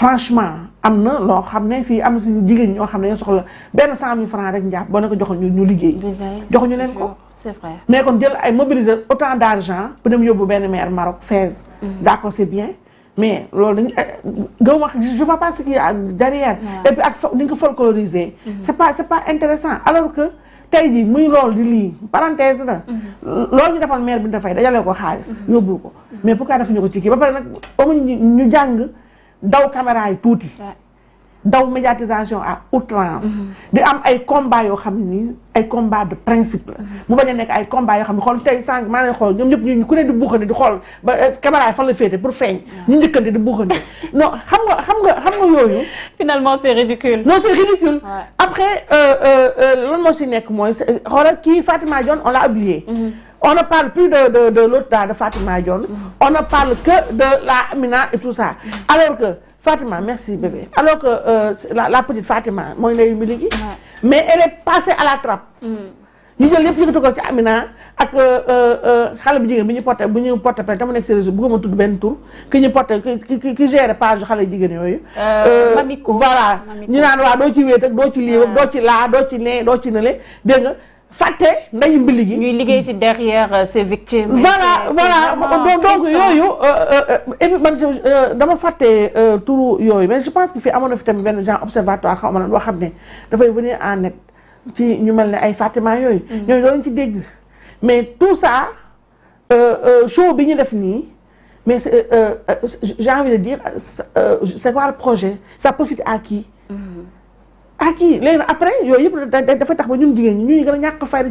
franchement am na loo xam ne fii am na suñu ñoo xam ne soxla benn cent mille franc rek njàpp boo ne ko joxoon ñu ñu liggéey. joxuñu leen ko. c'est vrai mais lool jël ay mobiliser autant d'argent bu dem yóbbu benn maire Maroc Fès. Mm. d'accord c'est bien. mais loolu dañ eh, gaw ma je vois pas ce qu'il a derrière et puis ak ni ñu ko folkloriser mm-hmm. c'est pas intéressant alors que tey muy loolu di lii parenthèse la mm-hmm. loolu ñu defal maire bi ñu dafay dajale ko xaalis mm-hmm. yóbbu ko mais pourquoi defuñu ko ci kii ba pare nag amuñ ñu jàng daw caméra yi tuuti. daw médiatisation à outrance. Mhm. di am ay combat yoo xam ni ay combat de principe la. Mhm. mu bañ a nekk ay combat yoo xam ne xool tey sànq maa ngi xool ñoom ñëpp ñu ku ne di buuxante di xool ba euh, caméra yi fan la féete pour feeñ. ñu njëkkante di buuxante non xam nga xam nga xam nga yooyu. finalement c'est ridicule. non c'est ridicule. après euh, euh, loolu moo si nekk mooy xoolal kii Fatima Dione on l'a oublié. Mhm. on ne parle plus de de de l'autre de Fatima Dione. Mm-hmm. on ne parle que de la Amina et tout mm-hmm. alors que Fatima merci bébé alors que euh, la, la petite Fatima mooy ndeyu mi liggéey. mais elle est passée à la trappe. Mm-hmm. ñu jël yëpp yëngatu ko ci Amina ak euh, euh, euh, xale bu jigéen bi ñu porté bu ñu porté peut-être dama nekk si réseau bëgguma tudd benn tur ki ñu porté ki ki ki géré page xale jigéen yooyu. voilà ñu naan waa doo ci wéet doo ci lii doo ci laa doo ci nee doo ci nële dégg fàtte ndeyu mbili gi. ñuy liggéey si derrière euh, ces victimes. voilà voilà donc yooyu. Euh, euh, et puis man dama fàtte turu yooyu mais je pense que fii amoon na fi tamit benn genre observatoire xaw ma lan loo xam ne dafay venir en net ci ñu mel ne ay Fatima yooyu. Mm. ñooñu doo leen ci dégg. mais tout ça show bi ñu def nii mais j'ai envie de dire c'est quoi projet ça profite à qui. Mm-hmm. ah kii léegi nag après yooyu yëpp dafa tax ba ñu jigéen ñi ñuy gën a ñàkk fayda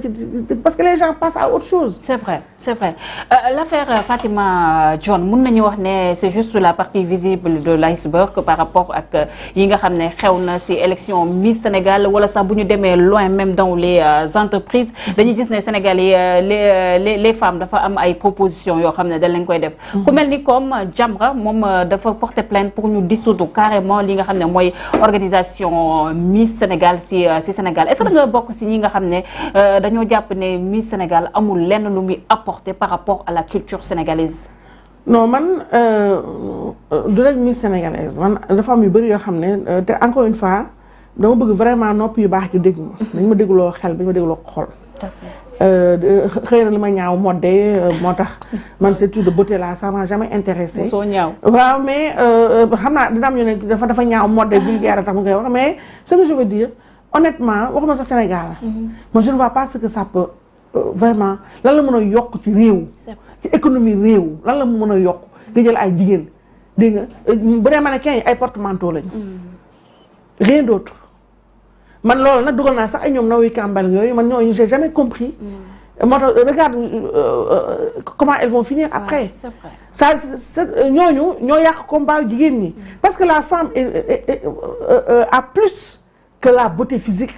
parce que les gens passent à autre chose. c' vrai c' vrai euh, euh Fatima euh, John mun nañu wax ne c' est juste la partie visible de l' par rapport ak euh, yi nga xam ne xew na si élection Miss Sénégal wala sax bu ñu demee loin même dans les entreprises dañuy gis ne Sénégal yi les les femmes dafa am ay propositions yoo xam ne dañ lañ koy def. Mm-hmm. ku mel ni comme Jamra moom dafa porter plainte pour ñu dissoudre carrément li nga xam ne mooy organisation. Miss Sénégal si euh, si Sénégal est-ce que da bokk si ñi nga xam ne euh, dañoo jàpp ne Miss Sénégal amul lenn lu muy apporté par rapport à la culture sénégalaise. non man euh, du rek Miss Sénégalaise man dafa yu bëri yoo xam ne te encore une fois dama bëgg vraiment nopp yu baax yu déglu. dañ ma dégloo xel bi ma dégloo xool Euh, euh, xëy na li ma ñaaw modde euh, moo tax man c'est de beauté là ça m'a jamais intéressé soo ñaaw waaw mais xam naa dina am ñu ne dafa dafa ñaaw modde vulgaire tax mu koy wax mais ce que je veux dire honnêtement waxuma sa Sénégal ma mm-hmm. moi je ne vois pas ce que ça vraiment lan la mën a yokk ci réew ci économie réew lan la mu mën a yokk nga jël ay jigéen dégg nga bu dee mannequin yi ay porte-manteau lañu mm-hmm. rien d'autre man lool nag dugal naa sax ay ñoom nawi kàmbal yooyu man ñooñu j'ai jamais compris. Mm. moo tax regarde euh, euh, comment elles vont finir après. c'est vrai ça c'est euh, ñooñu ñoo yàq combat jigéen ñi. Mm. parce que la femme a plus que la beauté physique.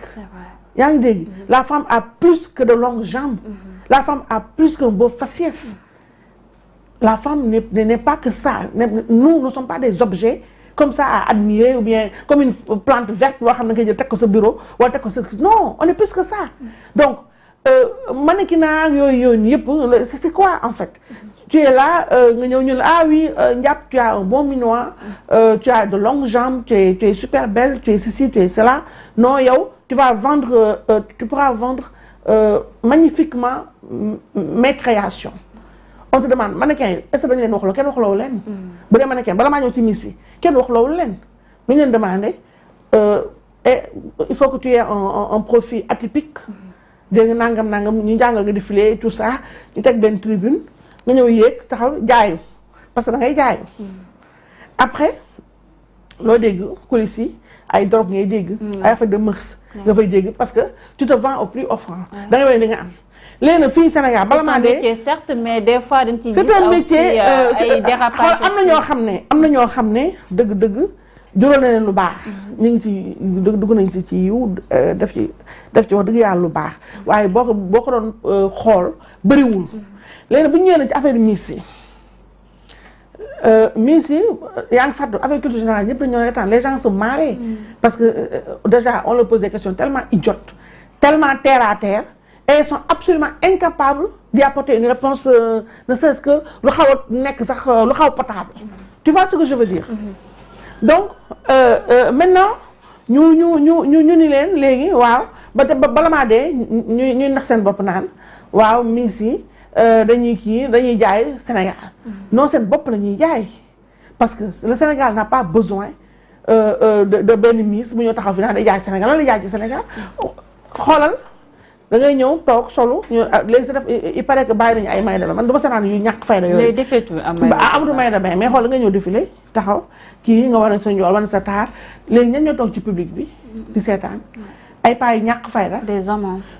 yaa ngi dégg mm-hmm. la femme a plus que de longues jambes. Mm-hmm. la femme a plus qu'un beau faciès. Mm. la femme n'est pas que ça nous ne sommes pas des objets. comme ça à admirer ou bien comme une plante verte boo xam na nga jël teg ko sa bureau wala teg ko sa non on est plus que ça donc euh, mannequinat yooyu yooyu yëpp c'est quoi en fait tu es là euh, nga ñëw ñu ne ah oui euh, Ndiap tu as un bon minois tu as de longues jambes tu es tu es super belle tu es ceci tu es cela non yow tu vas vendre tu pourras vendre magnifiquement mes créations on te demande mannequin yi est-ce dañu leen waxloo kenn waxloo leen mm. bu dee bala ci miss yi kenn waxlawul leen mi leen demandé et euh, eh, il faut que tu aies un un profil atypique mm-hmm. dégg nangam nangam ñu jàngal nga di filer tout ça ñu teg benn tribune nga ñëw yéeg taxaw jaayu parce que da ngay jaayu. Mm-hmm. après loo dégg coulisses yi ay drogue ngay dégg. Mm-hmm. ay affaire de mœurs. nga fay dégg parce que tu te vends au plus offrant. da ngay wane li nga am. léegi nag fii Sénégal bala maa dee métier certes mais des fois dañ ciy gis euh, euh, c'est un euh, am na ñoo xam ne am na ñoo xam ne dëgg-dëgg jural na leen lu baax mhm. ñu ngi ci dugg nañ ci ci yiw def ci def ci wax dëgg yàlla lu baax waaye boo ko boo ko doon xool bëriwul mhm. léegi nag bu ñu ñëwee ci affaire miss yi miss yi yaa ngi fàttali affaire culture générale ñëpp ñoo reetaan les gens se mhm. parce que déjà on leur pose des questions tellement idiotes tellement terre à terre et ils sont absolument incapables d'y apporter une réponse euh, ne serait-ce que lu xaw a nekk sax euh, lu xaw potable tu vois ce que je veux dire donc euh, euh, maintenant ñu ñu ñu ñu ñu ni leen léegi waaw ba te bala maa dee ñuy ñuy seen bopp naan waaw mii si dañuy kii dañuy jaay Sénégal non seen bopp la ñuy jaay parce que le Sénégal n'a pas besoin de de benn miis bu ñoo taxaw fi naan day jaay Sénégal lan la jaay ci Sénégal xoolal da ngay ñëw toog solu ñu ah, léegi sa def il paraît que bàyyi nañu ay may damay man du ma seetaan yu ñàkk fay na yooyu amatu may damay mais xool da ngay ñëw défilé taxaw kii nga war a sa njool wan sa taar léegi ñan ñoo toog ci public bi di seetaan ay paa yu ñàkk fay la des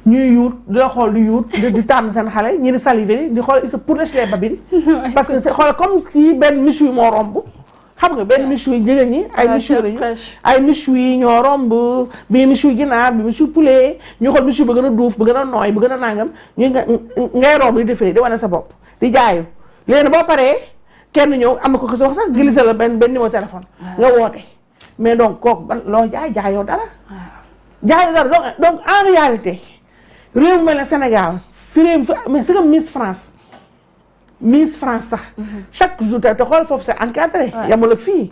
ñuy yuut di la xool di yuut di tànn seen xale ñi di salivé di xool pour les babines parce que xool comme kii benn monsieur moo romb xam nga benn michu yi jigéen ñi ay michu ñoo romb bii michu ginaar bi michu poulet ñu xool michu ba gën a duuf bu gën a nooy ba gën a nangam ñu ngay romb di defee di wane sa bopp di jaayu léegi boo paree kenn ñëw am na ko xës wax sax mm-hmm. glissé la benn benn numéro téléphone nga woote mais donc kooku ba loo jaay jaayoo dara jaayoo dara donc en réalité réew mel ne Sénégal fi réew mais Miss France Miss France sax. Mhm. chaque jour te xool foofu c'est encadré. yamul ak fii. Mhm.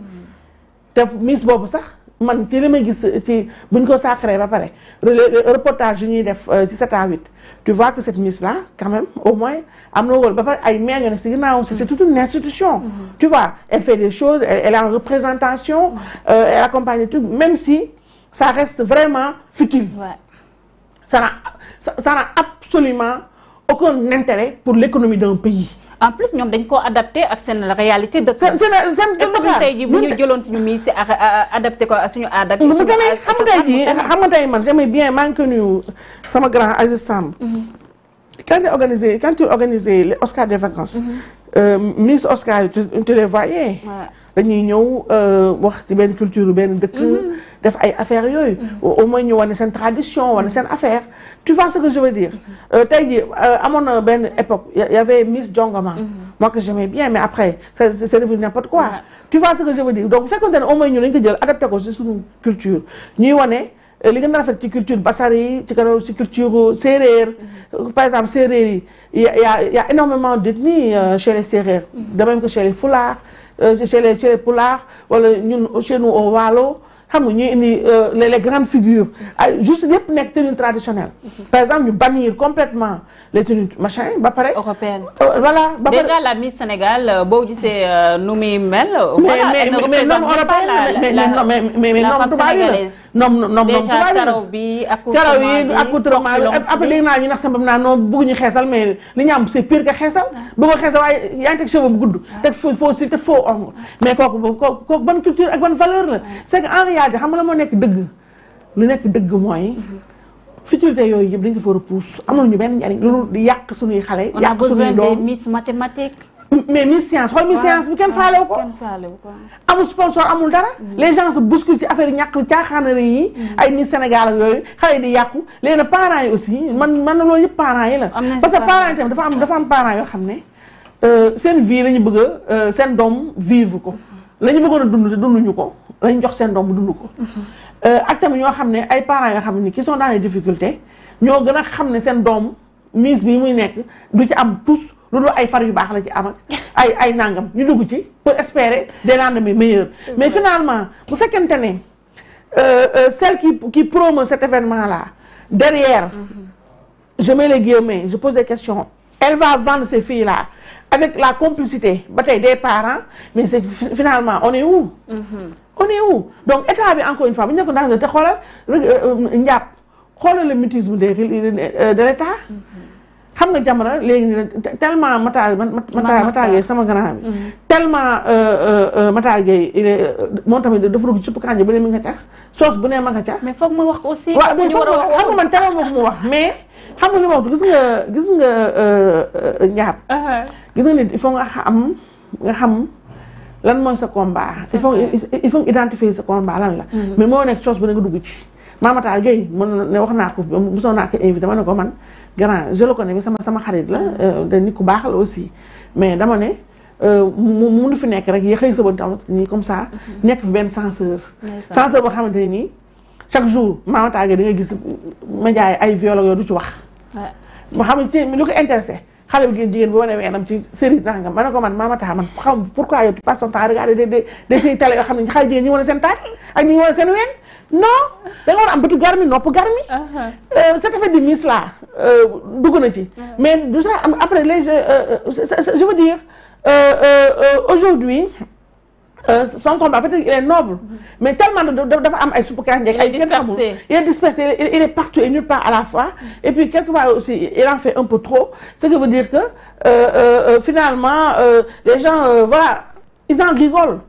te Miss boobu sax man ci li may gis ci buñ ko sacré ba pare reportage yu ñuy def euh, ci 7 à 8 tu vois que cette Miss là quand au moins am na wóor ba pare ay maire yoo nekk si ginnaaw c'est toute une institution. Mhm. tu vois elle fait des choses elle est en représentation. Euh, elle accompagne tout même si ça reste vraiment futile. ça n'a ça n'a absolument aucun intérêt pour l'économie d'un pays. en plus ñoom dañ koo adapté ak seen réalité dëkk seen seen tey ji bu ñu jëloon suñu mii si euh, adapté ko suñu aada ak mu tamit xam nga tey ji xam nga tey man j'aimais bien maa ngi ko nuyu sama grand Aziz Samb mm-hmm. quand il organisé quand il organisé les Oscars des vacances mm-hmm. euh, Miss Oscar tu les voyais dañuy ñëw euh, wax ci benn culture benn dëkk mm-hmm. def ay affaires yooyu. au moins ñu wane seen tradition wane seen affaire tu vois ce que je veux dire. Euh, tey jii euh, amoon na benn époque y avait Miss Jongoma. moi que j'aimais bien mais après c'est c'est devenu n'importe quoi. tu vois ce que je veux dire donc bu fekkoon ne au moins ñu dañu ko jël adapté ko ci suñu culture ñuy wane. Euh, li rafet ci culture basari yi ci kanam ci culture séeréer mm-hmm. par exemple séeréer yi y a y a énormément d'ethnies chez les séeréer mm-hmm. de même que chez les fulaar chez les chez les wala ñun chez nous xam nga ñuy indi euh, les grandes ay ah, juste yëpp nekk tenue traditionnelle. Mhm. par exemple ñu bannir complètement les tenues machin ba pare. européenne euh, voilà ba pare déjà la Miss Sénégal euh, boo gisee nu muy mel. voilà mais mais non européenne mais mais mais mais non tubaab yi la non non non tubaab yi la karaw yi accoutrement bi après dégg naa ñu nax sama naa noonu bëgg ñu xeesal mais li ñu am c'est que xeesal. Ah. bëgg ko xeesal waaye yaa ngi teg cheveux gudd. Ah. teg faux faux mais kooku kooku culture ak ban valeur la réalité xam nga moo nekk dëgg lu nekk dëgg mooy futilité yooyu yëpp dañ ko fa repousse amul ñu benn njariñ lu di yàq suñuy xale yàq suñuy doom miss mathématique mais miss science xool miss science bi kenn faalewu ko amul amul dara mm-hmm. les gens se bousculent ci affaire ñàkk caaxaanare yi mm-hmm. ay miss Sénégal ak yooyu xale yi di yàqu léegi nag parents yi aussi man man na loolu yëpp parents yi la parce que parents yi tamit am dafa am parents yoo xam ne euh, seen vie la ñu bëgg euh, seen doom vivre ko mm-hmm. la ñu bëggoon a dund te dunduñu ko lañ jox seen doom mu dund ko. Euh, ak tamit ñoo xam ne ay parents yoo xam ne qui sont dans les difficultés ñoo gën a xam ne seen doom mise bi muy nekk du ci am tous lu du ay far yu baax la ci am ak ay ay nangam ñu dugg ci pour espérer des lendemains meilleurs. mais finalement bu fekkente ne euh, euh, celle qui qui promeut cet événement là derrière. Mm-hmm. je les guillemets je pose des va vendre ces filles là la complicité ba tey des parents mais c'est finalement on est où donc état bi encore une fois bu ñu nekkoon daanaka te xoolal euh, euh, njàpp xoolal le mutisme des euh, de xam nga jamono léegi nii tellement Matar Matar Matar Gueye sama grand bi. Mm-hmm. tellement Matar Gueye il moom tamit dafa dugg suppu kànja bu ne mi nga cax soos bu nee ma nga cax. mais foog ma wax aussi. waaw mais ma xam nga man teral mu wax mais. xam nga li ma wax gis nga gis nga ñaar. Uh-huh. gis nga nit il nga xam nga xam. lan mooy sa combat. il faut il identifier sa combat lan la. Mhm. mais moo nekk chose bu ne nga dugg ci. Mamata Gueye mën ne wax naa ko mosoo naa ko invité ma ko man grand je le sama sama xarit la mhm. euh, de nit ku baax la aussi mais dama ne euh, mu munu fi nekk rek xëy sa bët tam nii comme ça. Mhm. nekk fi benn censeur. censeur boo xamante ne nii chaque jour Mamata Gueye da ngay gis média ay viol yooyu du ci wax. ma xam ne lu ko intéressé. xale bu jigéen bu wane weenam ci série nangam ma ne ko man maama taa man xam pourquoi yow tu passes ton temps à regarder des des séries télé yoo jigéen ñi wane seen taat ak ñi wane seen ween non da nga war a am bëtu garmi nopp garmi euh, cet effet de miss là euh, dugg na ci mais du sax am après le euh, je veux dire aujourd'hui Euh, son combat peut-être il est noble mais tellement dafa am ay suppukaay njëkk ay kenn il est dispersé il est partout et nulle part à la fois et puis quelque aussi il en fait un peu trop ce qui veut dire que euh, euh, finalement les gens voilà ils en rigolent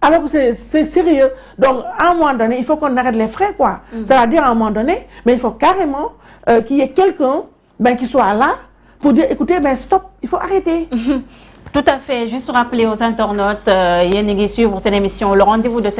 alors que c'est c'est sérieux donc à un moment donné il faut qu'on arrête les frais quoi mm. c'est-à-dire à un moment donné mais il faut carrément qu'il y ait quelqu'un ben qui soit là pour dire écoutez ben stop il faut arrêter Tout à fait. Juste rappeler aux internautes, euh, yéen a ngi suivre seen émission le rendez-vous de